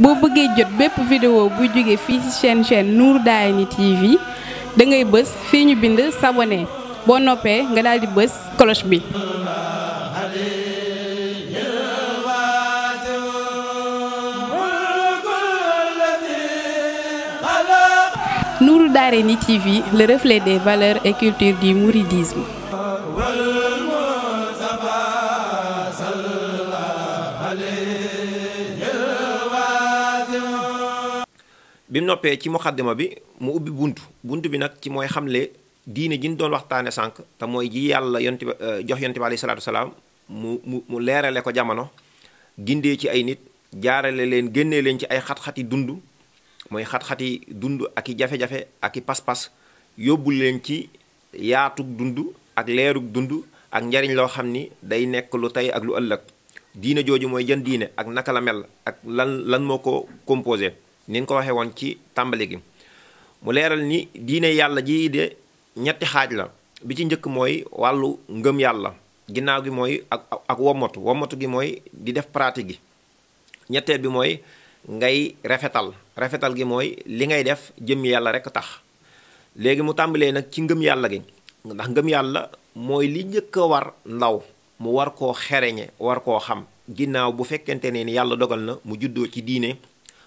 boo bëggee jot bépp vidéo bu jóge fii ci chaîne chaîne Nour Darayni TV da ngay bës fii ñu bind s'abonner boo noppee nga daal di bës cloche bi. Nour Darayni TV le reflet des valeurs et culture di mouridisme. bi mu noppee ci muqaddima bi mu ubbi buntu bunt bi nag ci mooy xamle diine ji ñu doon waxtaane sànq te mooy ji yàlla yonti euh, jox yonti bi alayhi salaam mu mu mu leerale ko jamono gindee ci ay nit jaarale leen génnee leen ci ay xat-xati dund mooy xat-xati dund ak i jafe-jafe ak i pas-pas yóbbu leen ci yaatug dund ak leerug dund ak njariñ loo xam ni day nekk lu tey ak lu ëllëg diine jooju mooy jën diine ak naka la mel ak lan lan moo ko composé ni ko waxee woon ci tàmbali gi mu leeral ni diine yàlla ji de ñetti xaaj la bi ci njëkk mooy wàllu ngëm yàlla ginnaaw gi mooy ak ak wommatu gi mooy di def pratique gi ñetteel bi mooy ngay rafetal rafetal gi mooy li ngay def jëm yàlla rek tax léegi mu tàmbalee nag ci ngëm yàlla gi ndax ngëm yàlla mooy li njëkk a war ndaw mu war koo xereñe war koo xam ginnaaw bu fekkente ne ni yàlla dogal na mu juddoo ci diine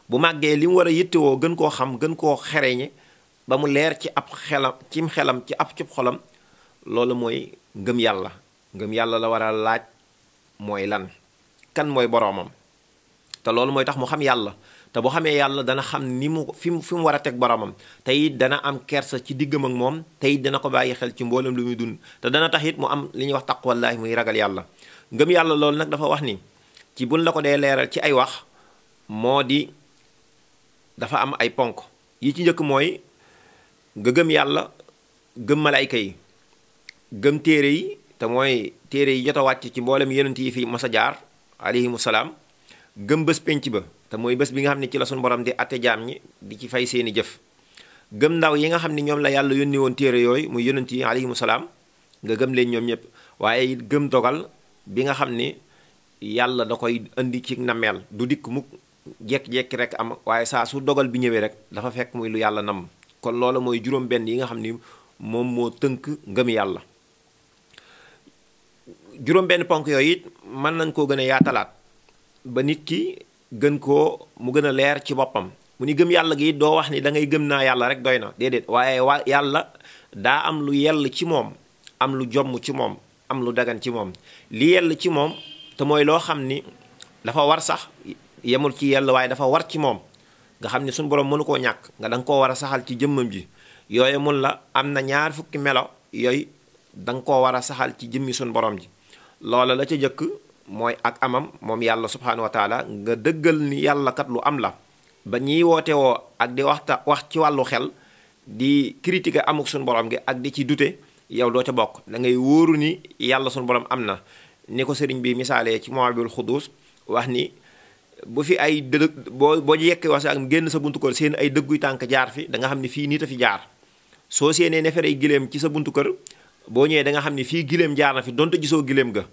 bu màggee li mu war a yittewoo gën koo xam gën koo xereñe ba mu leer ci ab xelam cim xelam ci ab cub xolam loolu mooy ngëm yàlla ngëm yàlla la war a laaj mooy lan kan mooy boroomam te loolu mooy tax mu xam yàlla te bu xamee yàlla dana xam ni mu fi mu fi mu war a teg boromam te it dana am kersa ci diggam ak moom tey it dana ko bàyyi xel ci mboolem lu muy dund te dana taxit mu am li ñuy wax taqwallaahi muy ragal yàlla ngëm yàlla loolu nag dafa wax ni ci buñ la ko dee leeral ci ay wax dafa am ay ponk yi ci njëkk mooy nga gëm yàlla gëm malayka yi gëm téere yi te mooy téere yi jot a wàcc ci mboolem yonent yi fi masa jaar alayhimu salaam gëm bés pénc ba te mooy bés bi nga xam ne ci la suñu borom di atte jaam ñi di ci fay seeni jëf gëm ndaw yi nga xam ne ñoom la yàlla yónni woon téere yooyu muy yonent yi alayhimu salaam nga gëm leen ñoom ñëpp waaye it gëm dogal bi nga xam ni yàlla da koy indi ci nameel du dikk mukk jekki-jekki rek am waaye saa su dogal bi ñëwee rek dafa fekk muy lu yàlla nam kon loola mooy juróom benn yi nga xam ni moom moo tënk ngëm yàlla juróom benn ponk yooyu it mën nañ koo gën a yaatalaat ba nit ki gën koo mu gën a leer ci boppam mu ni gëm yàlla gi doo wax ni da ngay gëm naa yàlla rek doy na déedéet waaye waa yàlla daa am lu yell ci moom am lu jomm ci moom am lu dagan ci moom li yell ci moom te mooy loo xam ni dafa war sax yemul ci yàlla waaye dafa war ci moom nga xam ne suñ borom mënu koo ñàkk nga danga nga koo war a saxal ci jëmmam ji yooyu mun la am na ñaar fukki melo yooyu da nga koo war a saxal ci jëmmi suñ borom ji loola la ca jëkk mooy ak amam moom yàlla subhaanahu wa taala nga dëggal ni yàlla kat lu am la ba ñiy woote woo ak di waxta wax ci wàllu xel di critiquer amuk suñu borom gi ak di ci dute yow doo ca bokk da ngay wóoru ni yàlla suñu borom am na ni ko sëriñ bi misaalee ci Mawaahiboul Xudduus wax ni bu fi ay dëgg boo boo yekkee wax ak génn sa buntu kër seen ay dëgguy tànk jaar fi danga xam ne fii nit a fi jaar soo seenee neefere ay gileem ci sa buntu kër boo ñëwee da nga xam ne fii gileem jaar na fi dont gisoo gileem ga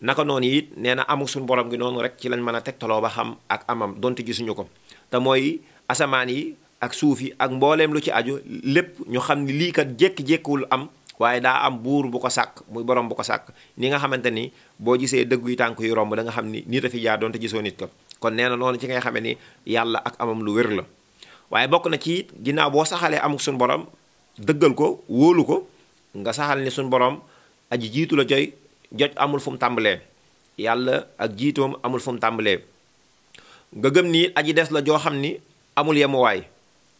naka noonu it nee na amul suñu borom gi noonu rek ci lañ mën a tegtaloo ba xam ak amam donte gisuñu ko te mooy asamaan yi ak suuf yi ak mbooleem lu ci aju lépp ñu xam ni lii kat jékki-jékkiwul am waaye daa am buur bu ko sàkk muy borom bu ko sàkk ni nga xamante ni boo gisee dëgguy tànk yu romb da nga xam ni nit a fi jaar donte gisoo nit ko kon nee na noonu ci ngay xamee ni yàlla ak amam lu wér la waaye bokk na ci ginnaaw boo saxalee amuk suñ borom dëggal ko wóolu ko nga saxal ni suñ boroom aji jiitu la joy joj amul fu tàmbalee yàlla ak jiitoom amul fu mu tàmbalee nga gëm nii aji des la joo xam ni amul yemuwaay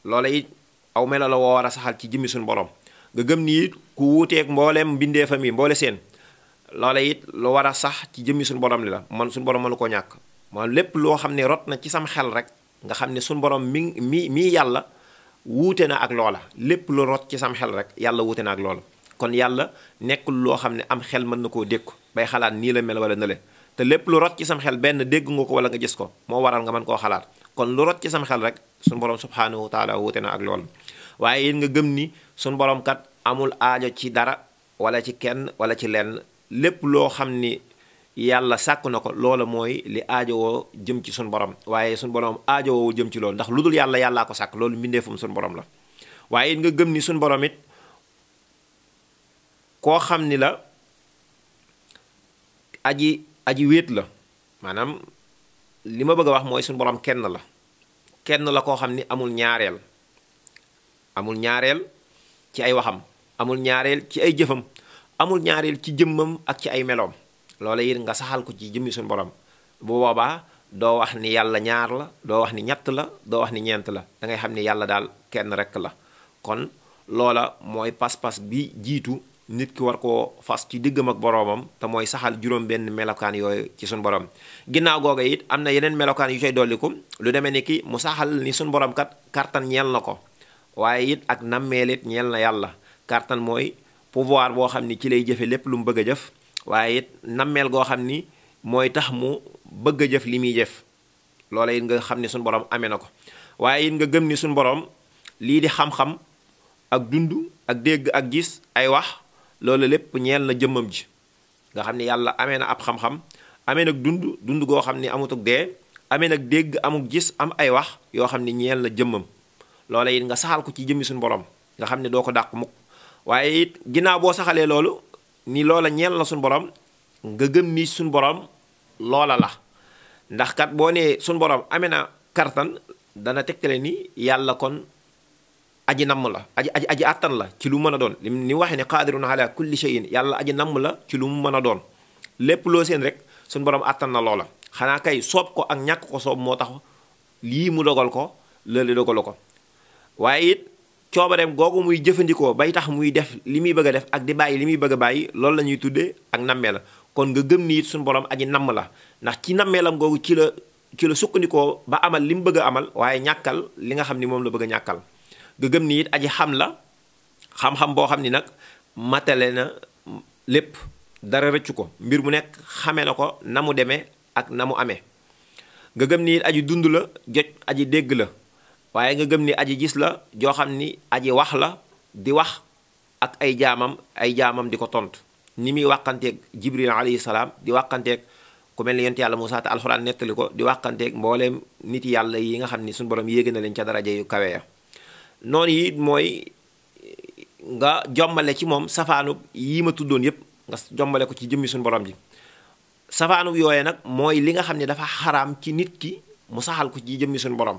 loola yit aw mela la woo war a saxal ci jëmmi suñu borom nga gëm nii it ku wuuteeg mbooleem mbindee fami mboole seen loola yit lu war a sax ci jëmmi suñu borom li la man suñu borom mënu koo ñàkk maa lépp loo xam ne rot na ci sam xel rek nga xam ne suñu borom mi mi mii yàlla wuute na ak loola lépp lu rot ci sam xel rek yàlla wute na ak loola kon yàlla nekkul loo xam ne am xel mën na koo dékku bay xalaat nii la mel wala na le te lépp lu rot ci sam xel benn dégg nga ko wala nga gis ko moo waral nga mën koo xalaat kon lu rot ci sam xel rek su borom subhaanahu wa taala wuute na ak loola waaye yéen nga gëm ni suñu borom kat amul aajo ci dara wala ci kenn wala ci lenn lépp loo xam ni yàlla sàkk na ko loola mooy li aajowoo jëm ci suñu borom waaye suñu borom aajowoo jëm ci loolu ndax lu dul yàlla yàllaa ko sàkk loolu mbindeefum suñu borom la waaye it nga gëm ni suñu borom koo xam ni la aji aji wéet la maanaam li ma bëgg a wax mooy suñu borom kenn la kenn la koo xam ni amul ñaareel amul ñaareel ci ay waxam amul ñaareel ci ay jëfam amul ñaareel ci jëmmam ak ci ay meloom loola it nga saxal ko ci jëmmi suñu borom bu boobaa doo wax ni yàlla ñaar la doo wax ni ñett la doo wax ni ñeent la dangay xam ni yàlla daal kenn rek la kon loola mooy pas-pas bi jiitu nit ki war koo fas ci diggam ak boroomam te mooy saxal juróom benn melokaan yooyu ci suñu borom ginnaaw googa it am na yeneen melokaan yu coy dolliku lu demee ni ki mu saxal ni suñu borom kat kartan ñeel na ko waaye it ak nammeel it ñeel na yàlla kartan mooy pouvoir boo xam ni ci lay jëfe lépp lu mu bëgg a jëf waaye it nammeel goo xam ni mooy tax mu bëgg a jëf li muy jëf loola it nga xam ni suñu borom amee na ko waaye it nga gëm ni suñu borom lii di xam-xam ak dund ak dégg ak gis ay wax loolu lépp ñeel na jëmmam ji nga xam ni yàlla amee na ab xam-xam amee nag dund dund goo xam ni amutug dee amee nag dégg amuk gis am ay wax yoo xam ni ñeel na jëmmam loola it nga saxal ko ci jëmmi suñu borom nga xam ne doo ko dàq mukk waaye it ginnaaw boo saxalee loolu ni loola ñeel na suñu borom nga gëm ni suñu borom loola la ndax kat boo nee suñu borom amee na kartan dana tegtale ni yàlla kon aji namm la aji aji aji àttan la ci lu mën a doon lim ni waxee ne qaadirun ala kulli shay'in yàlla aji namm la ci lu mu mën a doon lépp loo seen rek suñu borom àttan na loola xanaa kay soob ko ak ñàkk ko soob moo tax lii mu dogal ko loolu dogalu ko waaye it coobareem googu muy jëfandikoo bay tax muy def li muy bëgg a def ak di bàyyi li muy bëgg a bàyyi loolu lañuy tudde ak nammee la kon nga gëm nii it suñu borom aji namm la ndax ci nammeelam googu ci la ci la sukkandikoo ba amal li mu bëgg a amal waaye ñàkkal li nga xam ni moom la bëgga a ñàkkal nga gëm ni it aji xam la xam-xam boo xam ni nag matale na lépp dara rëccu ko mbir mu nekk xame na ko na mu demee ak na mu amee nga gëm nii it aji dund la jot aji dégg la waaye nga gëm ni aji gis la joo xam ni aji wax la di wax ak ay jaamam ay jaamam di ko tontu ni muy wàqanteeg jibril alayhi salaam di wàqanteeg ku mel ni yonent yàlla mu te alxuraan nettali ko di wàqanteeg mbooleem nit yàlla yi nga xam ni suñu borom yéege na leen ca daraja yu kawe ya it mooy nga jommale ci moom safaanub yii ma tuddoon yépp nga jommale ko ci jëmmi suñu borom ji safaanub yooye nag mooy li nga xam ne dafa xaraam ci nit ki mu saxal ko ci jëmmi suñu borom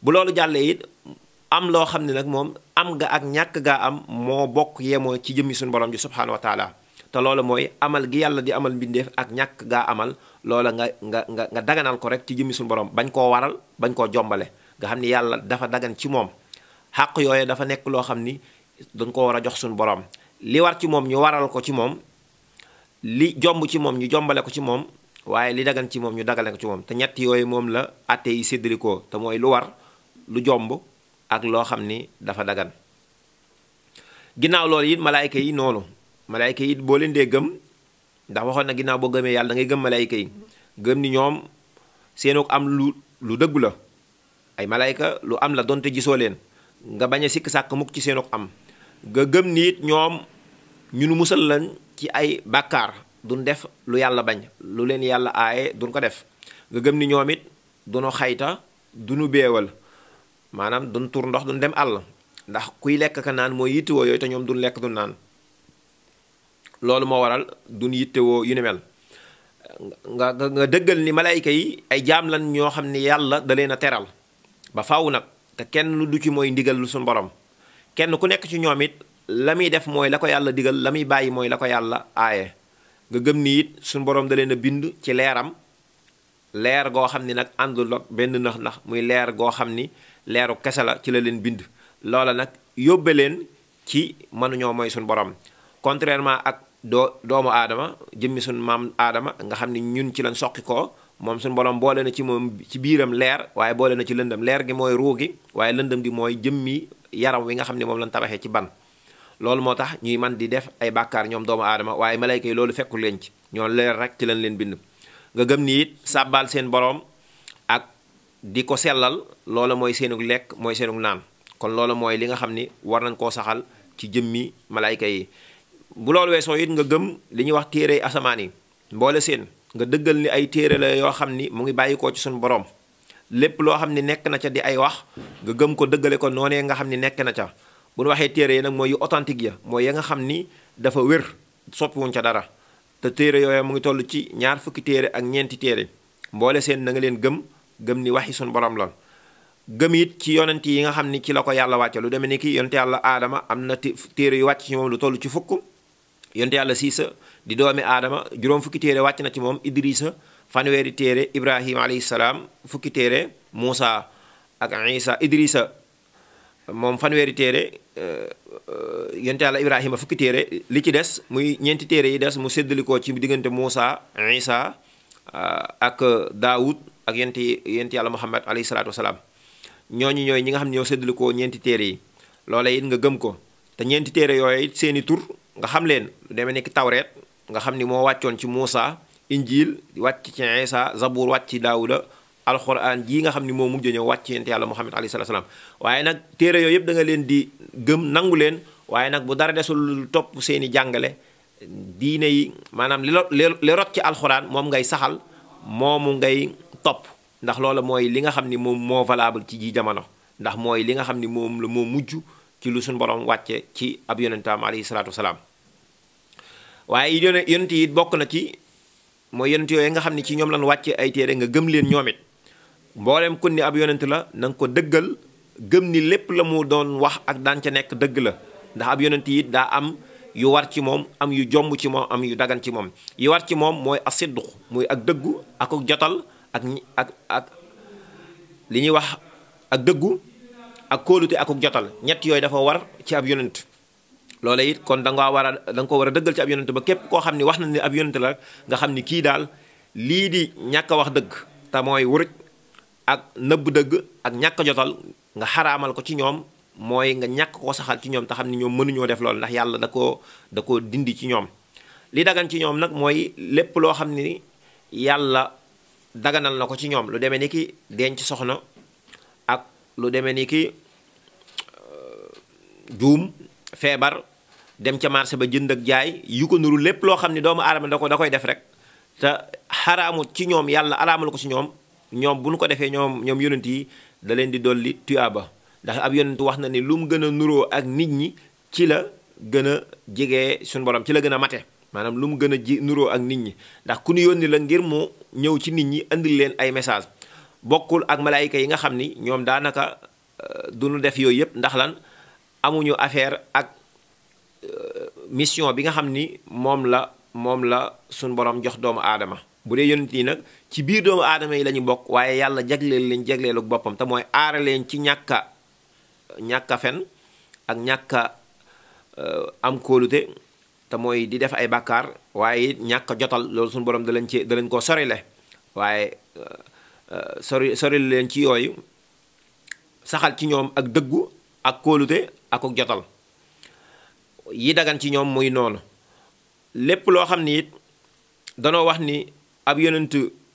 bu loolu jàllee it am loo xam ne nag moom am nga ak ñàkk gaa am moo bokk yemoo ci jëmmi suñu borom ji subhaanahu wa te loolu mooy amal gi yàlla di amal mbindeef ak ñàkk gaa amal loola nga nga nga daganal ko rek ci jëmmi suñu borom bañ koo waral bañ koo jombale nga xam ni yàlla dafa dagan ci moom xàq yooyu dafa nekk loo xam ni dañ koo war a jox suñu borom li war ci moom ñu waral ko ci moom li jomb ci moom ñu jombale ko ci moom waaye li dagan ci moom ñu dagale ko ci moom te ñett yooyu moom la atte yi séddalikoo te mooy lu war lu jomb ak loo xam ni dafa dagan ginnaaw loolu it malaayka yi noonu malaayka yi boo leen dee gëm ndax waxoon na ginnaaw boo gëmee yàlla da ngay gëm malaayka yi gëm ni ñoom seenu am lu lu dëggu la ay malayka lu am la donte gisoo leen nga bañ a sikk sàkk mukk ci seenu am nga gëm ni ñoom ñu nu musal lañ ci ay bàkkaar duñ def lu yàlla bañ lu leen yàlla aaye duñ ko def nga gëm ni ñoom it duñu xayta duñu beewal maanaam duñ tuur ndox duñ dem àll ndax kuy lekk ka naan mooy yittewoo yooyu te ñoom duñ lekk duñ naan loolu moo waral duñ yittewoo yu ni mel nga nga dëggal ni malayka yi ay jaam lan ñoo xam ne yàlla da leen a teral ba faw nag te kenn lu du ci mooy ndigal lu suñu borom kenn ku nekk ci ñoom it la muy def mooy la ko yàlla digal la muy bàyyi mooy la ko yàlla aaye nga gëm ni it suñu borom da leen a bind ci leeram leer goo xam ni nag àndul benn nax nax muy leer goo xam ni leeru kese la ci la leen bind loola nag yóbbe leen ci ñoo mooy suñu borom contrairement ak doo doomu aadama jëmmi suñu maam aadama nga xam ni ñun ci lañ soqi ko moom suñu borom boole na ci moom ci biiram leer waaye boole na ci lëndëm leer gi mooy ruu gi waaye lëndëm gi mooy jëmmi yaram wi nga xam ne moom lañ tabaxee ci ban loolu moo tax ñuy man di def ay bàkkaar ñoom doomu aadama waaye malayka yi loolu fekkul leen ci ñoo leer rek ci lañ leen bind nga di ko sellal loola mooy seenug lekk mooy seenug naan kon loola mooy li nga xam ni war nañ koo saxal ci jëmmi malaayka yi bu loolu weesoo it nga gëm li ñu wax téere yi asamaan yi mboole seen nga dëggal ni ay téere la yoo xam ni mu ngi bàyyikoo ci suñu borom lépp loo xam ni nekk na ca di ay wax nga gëm ko dëggale ko noonee nga xam ni nekk na ca bu ñu waxee téere yi nag mooy yu authentique ya mooy ya nga xam ni dafa wér soppiwuñ ca dara te téere yooya mu ngi toll ci ñaar fukki téere ak ñeenti téere mboole seen na nga leen gëm gëm ni waxi sunu borom lool gëm it ci yonent yi nga xam ni ci la ko yàlla wàcce lu demee ni ki yonent yàlla aadama am na téere yu wàcc ci moom lu tollu ci fukk yonent yàlla siisa di doomi aadama juróom fukki téere wàcc na ci moom idrisa fanweeri téere ibrahima alayhi salaam fukki téere muusa ak isa idrisa moom fanweeri téere euh, yonent yàlla ibrahima fukki téere li ci des muy ñeenti téere yi des mu séddalikoo ci diggante muusa isa euh, ak daawud ak yenti yenti yàlla muhammad alayhi salaatu wasalaam ñooñu ñooy ñi nga xam ne ñoo séddalikoo ñeenti téere yi loola it nga gëm ko te ñeenti téere yooyu it seeni tur nga xam leen lu demee nekk tawreet nga xam ni moo wàccoon ci Muusa injil wàcc ci Isa zabuur wàcc ci Daawuda alxuraan jii nga xam ni moo mujj ñëw wàcc ci yenti yàlla muhammad alayhi salaatu wasalaam waaye nag téere yooyu yëpp da nga leen di gëm nangu leen waaye nag bu dara desul topp seeni jàngale diine yi maanaam li li rot ci alxuraan moom ngay saxal moomu ngay topp ndax loola mooy li nga xam ni moom moo valable ci ji jamono ndax mooy li nga xam ni moom la moo mujj ci lu suñu borom wàcce ci ab yonentaam alayhi salaatu wasalaam waaye yone yonent yi bokk na ci mooy yonent yooyu nga xam ne ci ñoom lan wàcce ay téere nga gëm leen ñoom mboolem kun ni ab yonent la na ko dëggal gëm ni lépp la mu doon wax ak daan ca nekk dëgg la ndax ab yonent yi daa am yu war ci moom am yu jomb ci moom am yu dagan ci moom yu war ci moom mooy asiddu muy ak dëggu ak jotal ak ak ak li ñuy wax ak dëggu ak kóolute ak jotal ñett yooyu dafa war ci ab yonent loola it kon da nga war a da nga ko war a dëggal ci ab yonent ba képp koo xam ni wax na ni ab yonent la nga xam ni kii daal lii di ñàkk wax dëgg te mooy wuruj ak nëbb dëgg ak ñàkk jotal nga xaraamal ko ci ñoom mooy nga ñàkk koo saxal ci ñoom te xam ni ñoom mënuñoo def loolu ndax yàlla da koo da koo dindi ci ñoom li dagan ci ñoom nag mooy lépp loo xam ni yàlla daganal na ko ci ñoom lu demee ni ki denc soxna ak lu demee ni ki euh, juum feebar dem ca marché ba jënd ak jaay yu ko nuru lépp loo xam ne doomu aadama da ko da koy def rek te xaraamu ci ñoom yàlla araamul ko ci ñoom ñoom bu nu ko defee ñoom ñoom yonent yi da leen di dolli tuyaaba ndax ab yonent wax na ni lu mu gën a nuroo ak nit ñi ci la gën a jege suñu borom ci la gën a mate maanaam lu mu gën a ji nuroo ak nit ñi ndax ku ñu yónni la ngir mu ñëw ci nit ñi indi leen ay message bokkul ak malaayika yi nga xam ni ñoom daanaka euh, du ñu def yooyu yëpp ndax lan amuñu affaire ak euh, mission bi nga xam ni moom la moom la suñ borom jox doomu aadama bu dee yonent yi nag ci biir doomu aadama yi la bokk waaye yàlla jagleel leen jagleelu boppam te mooy aara leen ci ñàkka a fen ak ñàkk a euh, am kóolute te mooy di def ay bàkkaar waaye ñàkk jotal loolu suñu boroom da leen ci da koo sorile waaye euh, euh, sori soril leen ci yooyu saxal ci ñoom ak dëggu ak kóolute ak jotal yi dagan ci ñoom muy noonu lépp loo xam ni it danoo wax ni ab yonent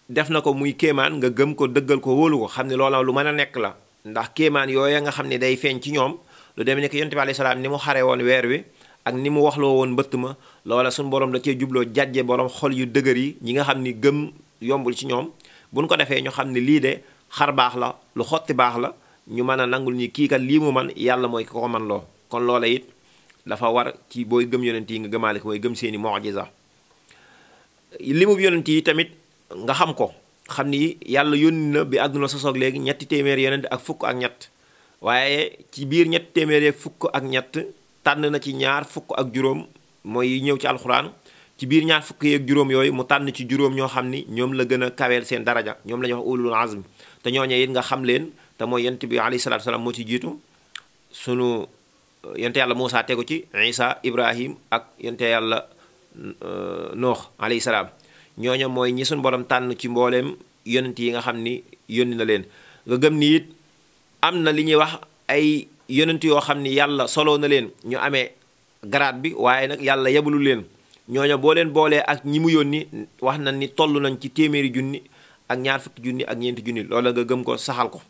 def na ko muy kéemaan nga gëm ko dëggal ko wóolu ko xam ne loola lu mën a nekk la ndax kéemaan yooya nga xam ne day feeñ ci ñoom lu deme ni ko yonent bi alayhi salaam ni mu xare woon weer wi ak ni mu waxloo woon mbëtt ma loola suñ boroom da cee jubloo jàjje borom xol yu dëgër yi ñi nga xam ni gëm yombul ci ñoom bu buñ ko defee ñu xam ne lii de xar baax la lu xotti baax la ñu mën a nangul ñi kii kat lii mu man yàlla mooy ko man loo kon loola it dafa war ci booy gëm yonent yi nga gëmaale ko gëm seeni mujiza li mu yonent yi tamit nga xam ko xam ni yàlla yónni na bi àdduna sosoog léegi ñetti téeméer yonent ak fukk ak ñett waaye ci téeméer fukk ak ñett tànn na ci ñaar fukk ak juróom mooy ñëw ci alxuraan ci biir ñaar fukk yeeg juróom yooyu mu tànn ci juróom ñoo xam ni ñoom la gën a kaweel seen daraja ñoom la ñuy wax ulul azm te ñooñee it nga xam leen te mooy yent bi alayhi salaatu salaam moo ci jiitu sunu euh, yente yàlla Muusa tegu ci Isa Ibrahim ak yente yàlla euh, Noox alayhi salaam ñooñu mooy ñi suñu borom tànn ci mbooleem yonent yi nga xam ni yónni na leen nga gëm ni it am na li ñuy wax ay yonent yoo xam ni yàlla soloo na leen ñu amee garaat bi waaye nag yàlla yebalu leen ñooñu boo leen boolee ak ñi mu yónni wax na ni toll nañ ci téeméeri junni ak ñaar fukki junni ak ñeenti junni loola nga gëm ko saxal ko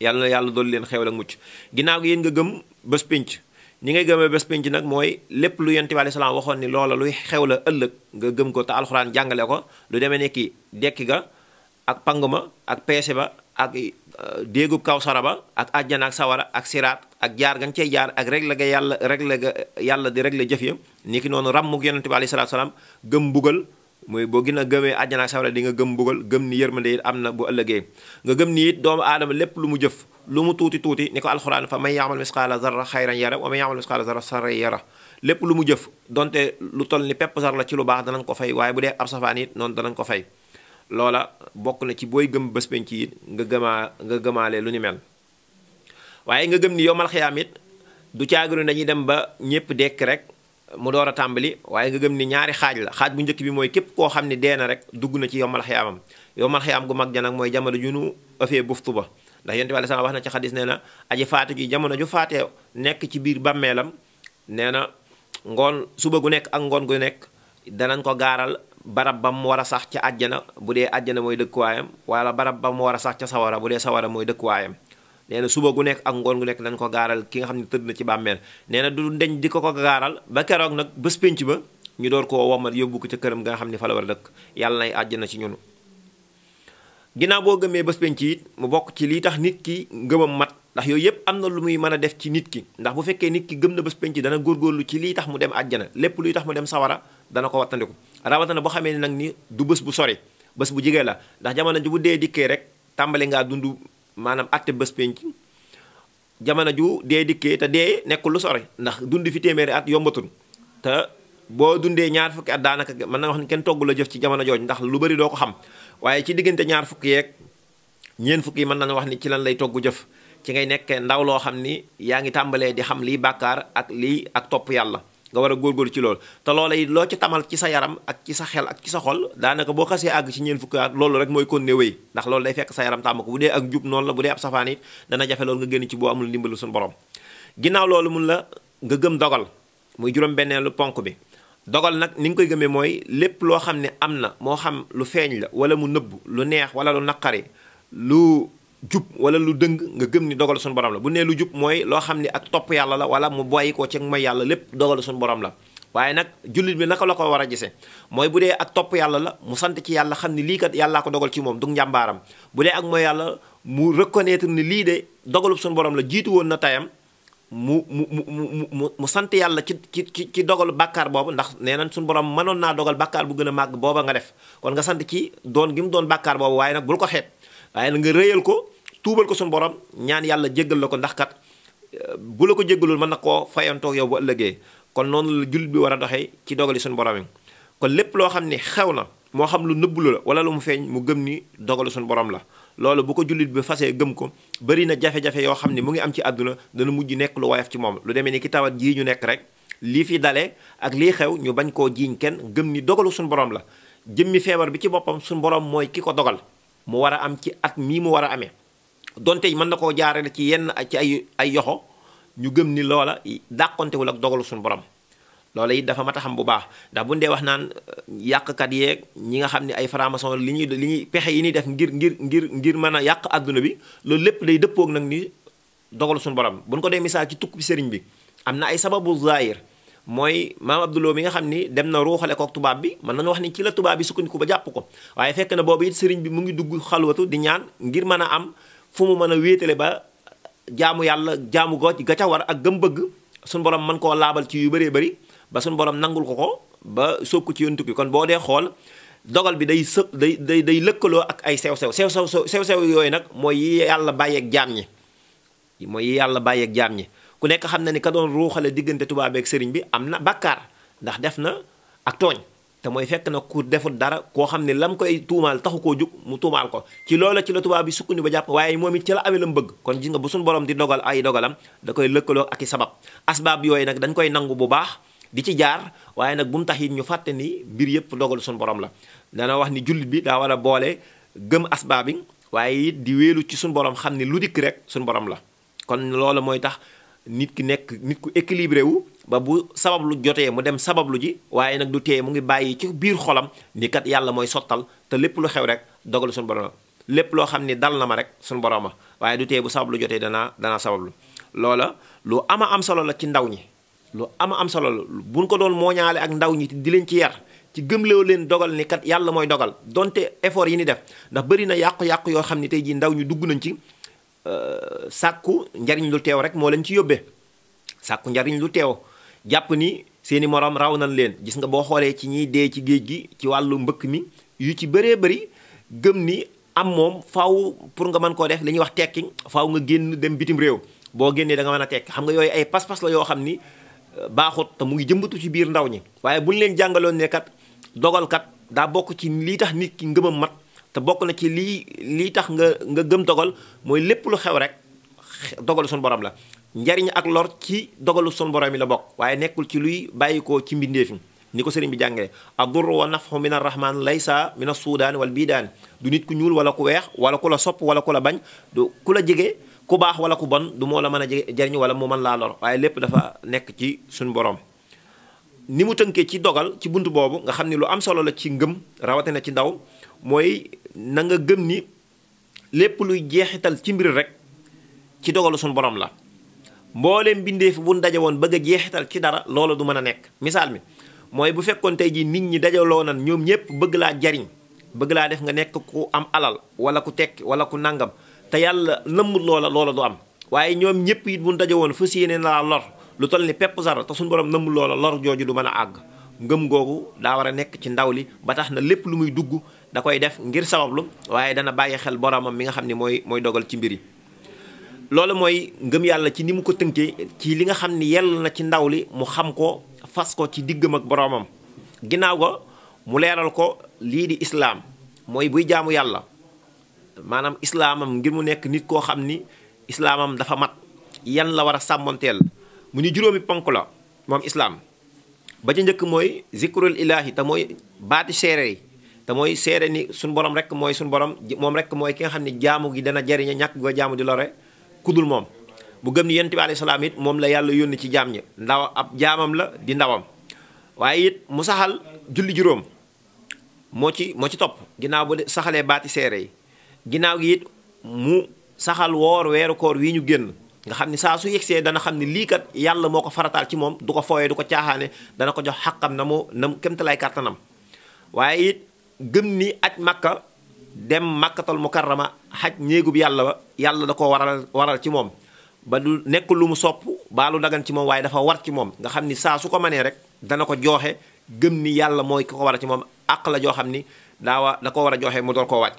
yàlla na yàlla dool leen xew la mucc ginnaaw gi yéen nga gëm bés pénc ni ngay gëmee bés pénc nag mooy lépp lu yonent bi alayhi waxoon ni loola luy xew la ëllëg nga gëm ko te alxuraan jàngale ko lu demee nekki dekki ga ak pang ma ak peese ba ak eh, déegub kaw saraba ak àjjana ak sawara ak siraat ak jaar gañ cey jaar ak regle ga yàlla regle ga eh, yàlla di regle jëf ya ni ki noonu mu yonente bi alayhi salaatu salaam gëm bugal mooy boo gën a gëmee àjjana ak sawara di nga gëm bugal gëm ni yërmande it am na bu ëllëgee nga gëm ni it doomu aadama lépp lu mu jëf lu mu tuuti tuuti ni ko alxuraan fa man yaamal misqaala zarra xayran yara wa man yaamal misqaala zarra sarra yara lépp lu mu jëf donte lu toll ni pepp sar la ci lu baax danañ ko fay waaye bu dee ab safaan it noonu danañ ko fay loola bokk na ci booy gëm bés penc yi nga gëmaa nga gëmaale lu ni mel waaye nga gëm ni yomal xiyaam it du caaginu dañuy dem ba ñëpp dekk rek mu door a tàmbali waaye nga gëm ni ñaari xaaj la xaaj bu njëkk bi mooy képp koo xam ne dee na rek dugg na ci yomal xiyaamam yomal xiyaam gu mag ja nag mooy jamono ju nu ëffee buftu ba ndax yonent bi aleyhi salaam wax na ci xadis nee na aji faatu ji jamono ju faate nekk ci biir bàmmeelam nee na ngoon suba gu nekk ak ngoon gu nekk danañ ko gaaral barab ba mu war a sax ca àjjana bu dee àjjana mooy dëkkuwaayam wala barab ba mu war a sax ca sawara bu dee sawara mooy dëkkuwaayam nee na suba gu nekk ak ngoon gu nekk dañ ko gaaral ki nga xam ne tëdd na ci bàmmeel nee na du deñ di ko ko gaaral ba keroog nag bës pénc ba ñu door koo womal yóbbu ko ca këram nga xam ne fa war a dëkk yàlla nay àjjana ci ñunu ginnaaw boo gëmee bés penc it mu bokk ci lii tax nit ki ngëmam mat ndax yooyu yëpp am na lu muy mën a def ci nit ki ndax bu fekkee nit ki gëm na bës penc dana góorgóorlu ci lii tax mu dem àjjana lépp luy tax mu dem sawara dana ko wattandiku na boo xamee ne nag ni du bës bu sori bës bu jigee la ndax jamono ji bu dee dikkee rek tàmbali ngaa dund maanaam atte bés penc jamono ju dee dikkee te dee nekk lu sori ndax dundu fi téeméeri at yombatul te boo dundee ñaar fukki at daanaka mën na wax ni kenn togg la jëf ci jamono jooju ndax lu bari doo ko xam waaye ci diggante ñaar fukki yeeg ñeent fukki yi mën nañu wax ni ci lan lay togg jëf ci ngay nekk ndaw loo xam ni yaa ngi tàmbalee di xam lii bàkkaar ak lii ak topp yàlla nga war a góorgóorlu ci loolu te loola yi loo ci tamal ci sa yaram ak ci sa xel ak ci sa xol daanaka boo xasee àgg ci ñeen fukki at loolu rek mooy kon ne wéy ndax loolu day fekk sa yaram tàmm ko bu dee ak jub noonu la bu dee ab safaan it dana jafe loolu nga génn ci boo amul ndimbalu suñu borom ginnaaw loolu mun la nga gëm dogal muy juróom beneen lu ponk bi dogal nag ni nga koy gëmee mooy lépp loo xam ne am na moo xam lu feeñ la wala mu nëbb lu neex wala lu naqari jub wala lu dëng nga gëm ni dogal sun borom la bu nee lu jub mooy loo xam ni ak topp yàlla la wala mu boyi ko ci mooy yàlla lépp dogal suñu borom la waaye nag jullit bi naka la ko war a gisee mooy bu dee ak topp yàlla la mu sant ci yàlla xam ni lii kat yàllaa ko dogal ci moom du njàmbaaram bu dee ak mooy yàlla mu reconnaître ni lii de dogalub suñu borom la jiitu woon na tayam mu mu mu mu mu sant yàlla ci ci ci ci dogalu bàkkaar boobu ndax nee nañ suñu borom mënoon naa dogal bàkkaar bu gën a màgg booba nga def kon nga sant ci doon gi mu doon bàkkaar boobu waaye nag bul ko xeet waaye nga rëyal ko tuubal ko suñu borom ñaan yàlla jéggal la ko ndax kat euh, bu la ko jéggalul mën na koo fayantoo yow bu ëllëgee kon noonu la jullit bi war a doxee ci dogali suñu borom yi kon lépp loo xam ne xew na moo xam lu nëbbulu la wala lu mu feeñ mu gëm ni dogalu suñu borom la loolu bu ko jullit bi fasee gëm ko bëri na jafe yoo xam ne mu ngi am ci àdduna dana mujj nekk lu woyof ci moom lu demee ni ki tawat jii ñu nekk rek lii dalee ak lii xew bañ koo jiiñ kenn gëm ni dogalu suñu borom la jëmmi feebar bi ci boppam suñu borom mooy ki ko dogal mu war a am ci at mii mu war a amee donte mën na koo jaarale ci yenn ci ay ay yoxo ñu gëm ni loola dàqontewul ak dogalu suñu borom loola it dafa mat a xam bu baax ndax bu ndee wax naan euh, yàqkat yeeg ñi nga xam ne ay franc li ñuy li ñuy pexe yi ñuy def ngir ngir ngir ngir mën a yàq àdduna bi loolu lépp day dëppook nag ni dogalu suñu borom buñ ko dee misaal ci tukki sëriñ bi am na ay sababu zaahir mooy maam Abdouloo bi nga xam ni dem na ruuxale kook tubaab bi mën nañu wax ni ci la tubaab bi sukkandiku ba jàpp ko waaye fekk na boobu it sëriñ bi mu ngi dugg xalwatu di ñaan ngir mën a am fu mu mën a wéetale ba jaamu yàlla jaamu gooj ga ca war ak gëm bëgg suñu borom mën koo laabal ci yu bëree bëri ba suñu borom nangul ko ko ba sóob ci yontu ki kon boo dee xool dogal bi day së day day day lëkkaloo ak ay sew-sew sew-sew sew-sew yooyu nag mooy yi yàlla bàyyeek jaam ñi mooy yi yàlla bàyyeeg jaam ñi ku nekk xam na ni ka doon ruuxale diggante tubaab ak sëriñ bi am na bakkaar ndax def na ak tooñ te mooy fekk na ku deful dara koo xam ne lam koy tuumaal taxu koo jug mu tuumaal ko ci loola ci la tubaab bi sukkandiku ba jàpp waaye moom it ci la amee bëgg kon gis nga bu suñu borom di dogal ay dogalam da koy lëkkaloo ak i sabab asbaab yooyu nag dañ koy nangu bu baax di ci jaar waaye bu mu tax it ñu fàtte ni mbir yëpp dogal suñu borom la dana wax ni jullit bi daa war a boole gëm asbaab yi waaye it di wéelu ci suñu borom xam ne lu dikk rek suñu borom la kon loolu mooy tax nit ki nekk nit ku équilibré wu ba bu lu jotee mu dem sabablu ji waaye nag du tee mu ngi bàyyi ci biir xolam ni kat yàlla mooy sottal te lépp lu xew rek dogalu suñu borom lépp loo xam ni dal na ma rek suñu borom ma waaye du tee bu sabablu jotee danaa danaa sabablu loola lu ama am solo la ci ndaw ñi lu ama am solo la buñ ko doon mooñaale ak ndaw ñi di leen ci yar ci gëmloo leen dogal ni kat yàlla mooy dogal donte effort yi ni def ndax bëri na yàqu-yàqu yoo xam ne tey jii ndaw ñu dugg nañ ci Euh, sàkku njariñ lu teew rek moo leen ci yóbbee sàkku njariñ lu teew jàpp ni seeni moroom raw nañ leen gis nga boo xoolee ci ñiy dee ci géej gi ci wàllu mbëkk mi yu ci bëree bëri gëm ni am moom faw pour nga mën koo def li ñuy wax tekki faw nga génn dem bitim réew boo génnee da nga mën a tekki xam nga yooyu ay pas-pas la yoo xam ni euh, baaxut te mu ngi jëmbatu ci biir ndaw ñi waaye buñ leen jàngaloon ne kat dogal daa bokk ci lii tax nit ki ngëmam mat te bokk na ci lii lii tax nga nga gëm dogal mooy lépp lu xew rek dogalu sunu borom la njariñ ak lor ci dogalu sunu borom yi la bokk waaye nekkul ci luy bàyyikoo ci mbindeef ni ko sëriñ bi jàngee adur wa nafhu min arrahman laysa min assuudaan wal biidaan du nit ku ñuul wala ku weex wala ku la sopp wala ku la bañ du ku la jege ku baax wala ku bon du moo la mën a jariñ wala mu man laa lor waaye lépp dafa nekk ci suñu borom ni mu tënkee ci dogal ci bunt boobu nga xam ni lu am solo la ci ngëm rawatina ci ndaw mooy nanga gëm ni lépp luy jeexital ci mbir rek ci dogalu suñu borom la mbooleem bindee fi buñ daje woon bëgg a jeexital ci dara loola du mën a nekk misaal mi mooy bu fekkoon tey jii nit ñi dajaloo nan ñoom ñëpp bëgg laa jariñ bëgg laa def nga nekk ku am alal wala ku tekki wala ku nangam te yàlla nëmmul loola loola du am waaye ñoom ñëpp it buñ daje fu si yéene laa lor lu toll ni pepp sara te suñu borom nëmmul loola lor jooju du mën a àgg ngëm googu daa war a nekk ci ndaw li ba tax na lépp lu muy dugg da koy def ngir sabablu waaye dana bàyyi xel boromam mi nga xam ni mooy mooy dogal ci mbir yi. loolu mooy ngëm yàlla ci ni mu ko tënkee ci li nga xam ni yell na ci ndaw li mu xam ko fas ko ci diggam ak boromam ginnaaw ko mu leeral ko lii di islaam mooy buy jaamu yàlla maanaam islaamam ngir mu nekk nit koo xam ni islaamam dafa mat yan la war a sàmmoonteel mu ni juróomi ponk la moom islaam ba ci njëkk mooy zikrul ilaahi te mooy baati seere yi te mooy seere ni suñu borom rek mooy suñu borom moom rek mooy ki nga xam ne jaamu gi dana jariña ñàkk goo jaamu di lore kudul moom bu gëm ni yonent bi salaam it moom la yàlla yónni ci jaam ñi ndaw ab jaamam la di ndawam waaye it mu saxal julli juróom moo ci moo ci topp ginnaaw bu saxalee baati seere yi ginnaaw gi it mu saxal woor weeru koor wii ñu génn nga xam ni saa su yegsee dana xam ni lii kat yàlla moo ko farataal ci moom du ko fooyee du ko caaxaane dana ko jox xaqam na mu na mu kéemtalaay kàttanam waaye it gëm ni ak makka dem makkatal mukarrama xaj néegub yàlla ba yàlla da ko waral waral ci moom ba du nekk lu mu sopp baalu dagan ci moom waaye dafa war ci moom nga xam ni saa su ko manee rek dana ko jooxe gëm ni yàlla mooy ki ko war a ci moom àq la joo xam ni daa wa da ko war a jooxe mu door koo waaj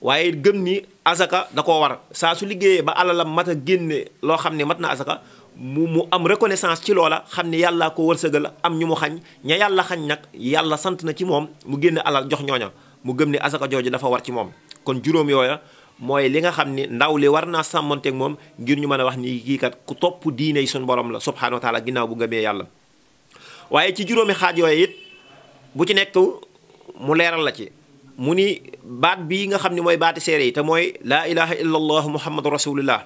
waaye gëm ni asaka da koo war saa su liggéeyee ba alalam mat a génne loo xam ne mat na asaka mu mu am reconnaissance ci loola xam ne yàllaa ko wërsëgal am ñu mu xañ ña yàlla xañ nag yàlla sant na ci moom mu génn alal jox ñooña mu gëm ni asaka jooju dafa war ci moom kon juróom yooya mooy li nga xam ni ndaw li war naa sàmmanteeg moom ngir ñu mën a wax nii kii kat ku topp diine yi suñu borom la subhanahu wa taala ginnaaw bu gëmee yàlla waaye ci juróomi xaaj yooyu it ci nekk mu leeral la ci mu ni baat bii nga xam ne mooy baati seere yi te mooy laa ilaha illa allah muhammadu rasulullah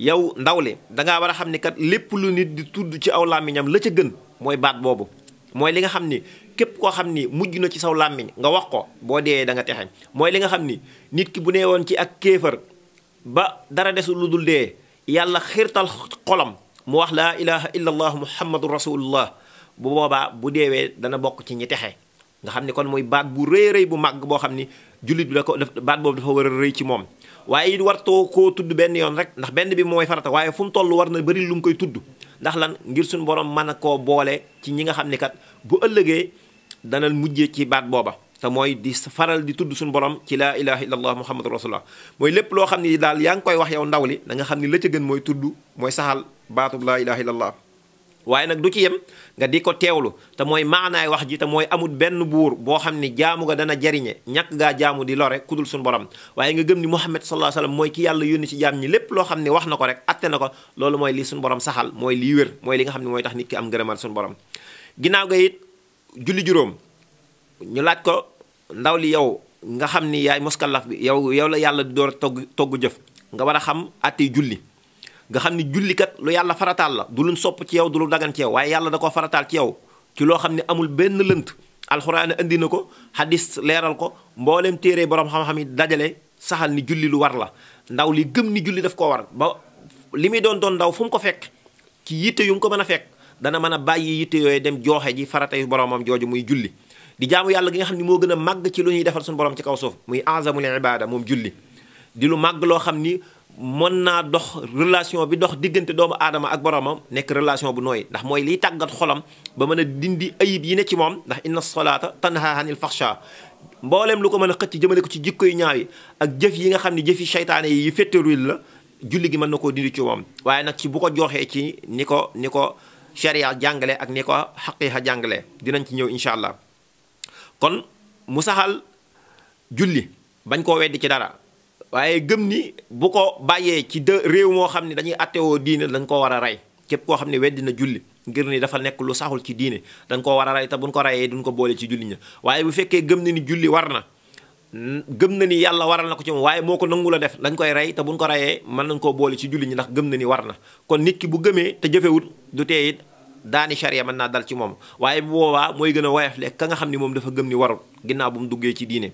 yow ndaw li dangaa war a xam ni kat lépp lu nit di tudd ci aw làmmiñam la ca gën mooy baat boobu mooy li nga xam ni képp koo xam ni mujj na ci saw làmmiñ nga wax ko boo deeyee da nga texe mooy li nga xam ni nit ki bu nee woon ci ak kéefër ba dara desul lu dul dee yàlla xiirtal xolam mu wax laa ilaha illa allah muhammadu rasulullah bu boobaa bu deewee dana bokk ci ñi texe nga xam ne kon mooy baat bu rëy rëy bu màgg boo xam ni jullit bi da ko baat boobu dafa war a rëy ci moom waaye it wartoo koo tudd benn yoon rek ndax benn bi mooy farata waaye fu mu toll war na bëri lu mu koy tudd ndax lan ngir suñu borom mën a koo boole ci ñi nga xam ne kat bu ëllëgee dana mujjee ci baat booba te mooy di sa faral di tudd suñu borom ci laa ilaha illallah muhammadu rasulullah mooy lépp loo xam ne daal yaa ngi koy wax yow ndaw li da nga xam ne la gën mooy tudd mooy saxal baatub laa ilaha illallah waaye nag du ci yem nga di ko teewlu te mooy maanaay wax ji te mooy amut benn buur boo xam ni jaamu ga dana jariñe ñàkk gaa jaamu di lore kudul suñu borom waaye nga gëm ni Muhammad sallallahu alayhi wasallam mooy ki yàlla yónni ci jaam ñi lépp loo xam ne wax na ko rek atte na ko loolu mooy li suñu borom saxal mooy liy wér mooy li nga xam ne mooy tax nit ki am ngërëmal suñu borom ginnaaw ga it julli juróom ñu laaj ko ndaw li yow nga xam ni yaay muskallaf bi yow yow la yàlla di door togg togg jëf nga war a xam attey julli nga xam ni julli kat lu yàlla farataal la du luñ sopp ci yow du lu dagan ci yow waaye yàlla da koo farataal ci yow ci loo xam ne amul benn lënt alxuraan indi na ko hadis leeral ko mboolem téere borom xam-xam yi dajale saxal ni julli lu war la ndaw li gëm ni julli daf koo war ba li muy doon doon ndaw fu mu ko fekk ci yitte yu mu ko mën a fekk dana man a bàyyi yitte yooyu dem jooxe ji farata yu boromam jooju muy julli di jaamu yàlla gi nga xam ni moo gën a màgg ci lu ñuy defal suñu borom ci kaw suuf muy azamul ibada moom julli xam ni mën naa dox relation bi dox diggante doomu aadama ak boromam nekk relation bu nooy ndax mooy liy tàggat xolam ba mën a dindi ayib yi ne ci moom ndax inna solaata tanha anil faxsha mbooleem lu ko mën a xëcc jëmane ko ci jikko yu ñaaw yi ak jëf yi nga xam ne jëfi seytaane yi yu fetteerul la julli gi mën na koo dindi ci moom waaye nag ci bu ko joxee ci ni ko ni ko sharia jàngale ak ni ko xaq xaqiiqa jàngale dinañ ci ñëw incha allah kon mu saxal julli bañ koo weddi ci dara waaye gëm ni bu ko bàyyee ci dë réew moo xam ne dañuy attewoo diine dañ koo war a rey képp koo xam ne weddi na julli ngir ni dafa nekk lu saxul ci diine dañ koo war a rey te ko reyee duñ ko boole ci julli ña waaye bu fekkee gëm na ni julli war na gëm na ni yàlla waral na ko ci moom waaye moo ko nangu def dañ koy rey buñ ko reyee mën nañ koo boole ci julli ñi ndax gëm na ni war na kon nit ki bu gëmee te jëfewut du tee it daani charia mën naa dal ci moom waaye bu boobaa mooy gën a woyafle ka nga xam ni moom dafa gëm ni warul ginnaaw bu mu duggee ci diine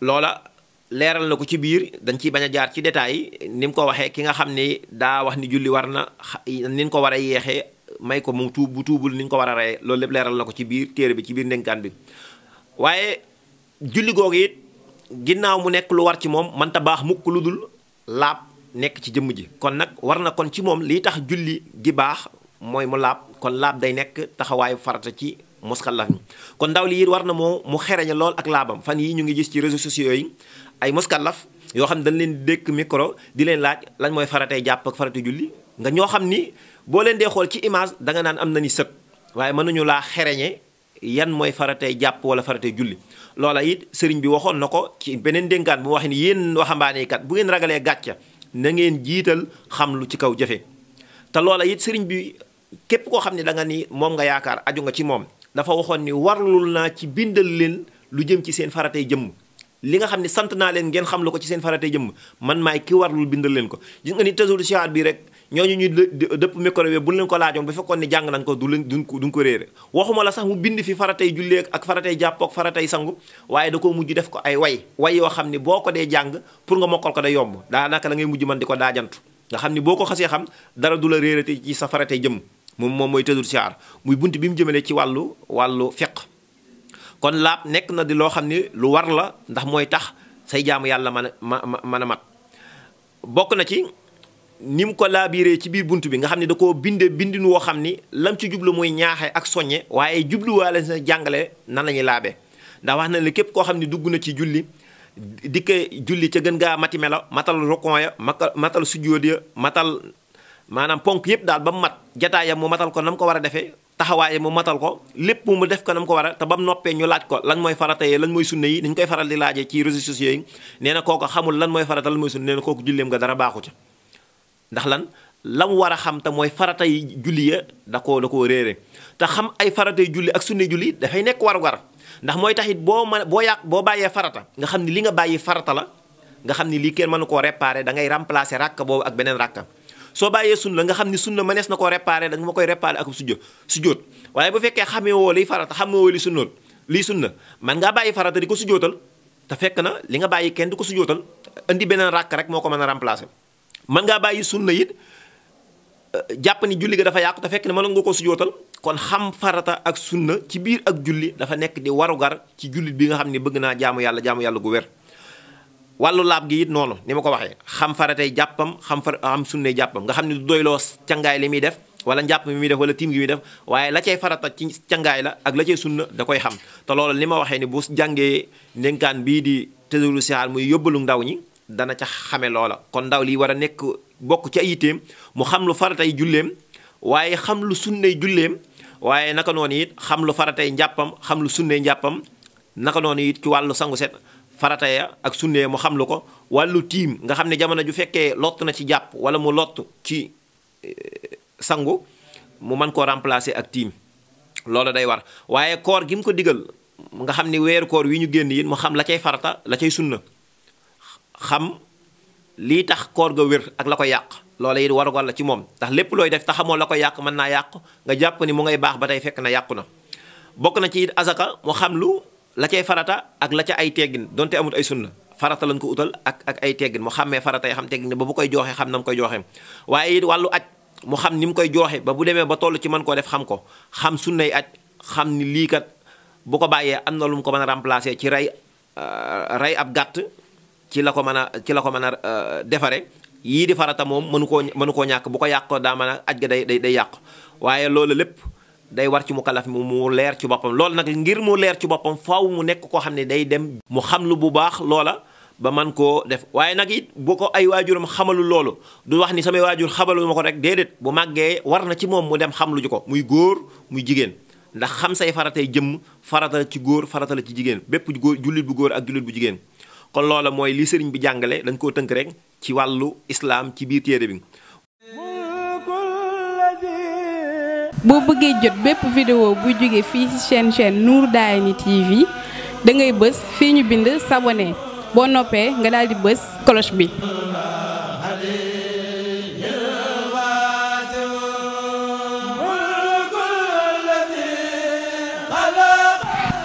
loola leeral na ko ci biir dañ ciy bañ a jaar ci détails yi ni mu ko waxee ki nga xam ni daa wax ni julli war na ni ñu ko war a yeexee may ko mu tuub bu tuubul ni ko war a reyee loolu lépp leeral na ko ci biir téere bi ci biir ndénkaan bi waaye julli googu it ginnaaw mu nekk lu war ci moom mënta baax mukk lu dul laab nekk ci jëmm ji kon nag war na kon ci moom lii tax julli gi baax mooy mu laab kon laab day nekk taxawaayu farata ci muskallaf mi kon ndaw li it war na moo mu xereñe lool ak laabam fan yi ñu ngi gis ci réseaux sociaux yi ay laf yoo xam ne dañ leen dékk micro di leen laaj lañ mooy faratay jàpp ak farata julli nga ñoo xam ni boo leen dee xool ci image danga naan am na ni sët waaye mën nañu laa xereñe yan mooy faratay jàpp wala faratay julli loola it sëriñ bi waxoon na ko ci beneen dénkaan bu wax ni yéen waxambaane kat bu ngeen ragalee gàcca na ngeen jiital xam lu ci kaw jafe te loola it sëriñ bi képp koo xam ne da nga ni moom nga yaakaar aju nga ci moom dafa waxoon ni warlul naa ci bindal leen lu jëm ci seen faratay jëmm li nga xam ne sant naa leen ngeen xam la ko ci seen farate jëmm man maay ki warlul bindal leen ko gis nga ni bi rek ñooñu ñuy dëpp micro bi bu leen ko laajoon ba fekkoon ne jàng nañ ko du leen duñ ko duñ ko réere waxuma la sax mu bind fi faratay jullee ak faratay jàppook sangu waaye da mujj def ko ay way yoo xam ne boo ko dee jàng pour nga mokkal ko yomb daanaka la ngay mujj man nga xam ne boo ko xasee xam dara du la réerate ci sa faratay jëmm moom moom mooy tasulu sihaar muy bunt bi mu jëmale ci wàllu wàllu fiq kon laab nekk na di loo xam ni lu war la ndax mooy tax say jaamu yàlla mën ma mën a mat bokk na ci ni mu ko laabiree ci biir bunt bi nga xam ne da ko bindee bindin woo xam ni lam ci jublu mooy ñaaxee ak soññe waaye jubluwaale sa jàngale nan la laabe ndax wax na ne képp koo xam ne dugg na ci julli dikke julli ca gën ngaa mati melo matal rokon ya matal sujjóot ya matal maanaam ponk yëpp daal ba mu mat jataayam mu matal ko nam ko war a defee taxawaayam mu matal ko lépp mu def ko nam ko war a te bam noppee ñu laaj ko lan mooy farata yi lan mooy sunna yi dañ koy faral di laajee ci réseaux sociaux yi nee na kooku xamul lan mooy farata lan mooy sunna nee na kooku ndax lan la mu war a xam te mooy farata yi julli ya da koo koo réere te xam ay farata yu ak sunna julli dafay nekk war-war ndax mooy taxit boo ma boo yàq boo bàyyee farata nga xam ni li nga bàyyi farata la nga xam ni lii kenn mënu koo réparé da ngay remplacer ràkk boobu ak beneen ràkk soo bàyyee sunna nga xam ni sunna mënees na ko réparé da nga ma koy réparé ak sujjo sujjoot waaye bu fekkee xamee woo liy farata xamee woo li sunnoot lii sunna man ngaa bàyyi farata di ko sujjootal te fekk na li nga bàyyi kenn di ko sujjootal indi beneen ràkk rek moo ko mën a remplacé man ngaa bàyyi sunna it eh, jàpp ni julli ga dafa yàqu te fekk ne mënoon nga ko sujjootal kon xam farata ak sunna ci biir ak julli dafa nekk di warugar ci jullit bi nga xam ne bëgg naa jaamu yàlla jaamu yàlla gu wer wàllu laab gi it noonu ni ma ko waxee xam faratey jàppam xam far am sunne jàppam nga xam ne du doyloo cangaay li muy def wala njàpp mi muy def wala tiim gi muy def waaye la cay farata ci cangaay la ak la cay sunna da koy xam te loolu li ma waxee ni bu jàngee ndénkaan bii di tësalu sihaar muy yóbbalu ndaw ñi dana ca xame loola kon ndaw li war a nekk bokk ci ay mu xam lu faratay julleem waaye xam lu sunney julleem waaye naka noonu it xam lu faratay njàppam xam lu sunney njàppam naka noonu it ci wàllu sangu set farata ya ak sunne mu xam lu ko wallu tiim nga xam ne jamono ju fekkee lott na ci jàpp wala mu lott ci eh, sangu mu mën koo remplacer ak tiim loolu day war waaye koor gi mu ko digal nga xam ni weeru koor wi ñu génn yi mu xam la cay farata la cay sunna xam lii tax koor ga wér ak la ko yàq loola it war la ci moom ndax lépp looy def taxamoo la ko yàq mën naa yàq nga jàpp ni mu ngay baax ba tey fekk na yàqu na bokk na ci azaka mu xam lu la cay farata ak la ay teggin donte amut ay sunna farata lañ ko utal ak ak ay teggin mu xàmmee farata yi xam teggin ba bu koy jooxee xam na mu koy jooxee waaye it wàllu aj mu xam ni mu koy jooxe ba bu demee ba toll ci man koo def xam ko xam sunnay aj xam ni lii kat bu ko bàyyee am na lu mu ko mën a remplacer ci rey euh, rey ab gàtt ci la ko mën a ci la ko mën a euh, defare yii di farata moom mënu koo mënu koo ñàkk bu ko yàq daa mën a aj ga day day day yàqu waaye loolu lépp day war ci mu kalaf mi mu leer ci boppam loolu nag ngir mu leer ci boppam faaw mu nekk koo xam ne day dem mu xamlu bu baax loola ba man koo def waaye nag it boo ko ay waajuram xamalu loolu du wax ni samay waajur xamalu ma ko rek déedéet bu màggee war na ci moom mu dem xam ko muy góor muy jigéen ndax xam say faratay jëmm faratal ci góor faratal la ci jigéen bépp góor jullit bu góor ak jullit bu jigéen kon loola mooy li sëriñ bi jàngale dañ koo tënk rek ci wàllu islaam ci biir téere bi boo bëggee jot bépp vidéo bu jóge fii ci chaîne chaîne Nour Darayni TV da ngay fii ñu bind s'abonner boo noppee nga daal di bës cloche bi.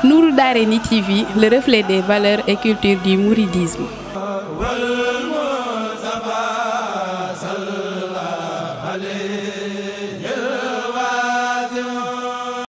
Nour Darayni TV le reflet des valeurs et culture di mouridisme.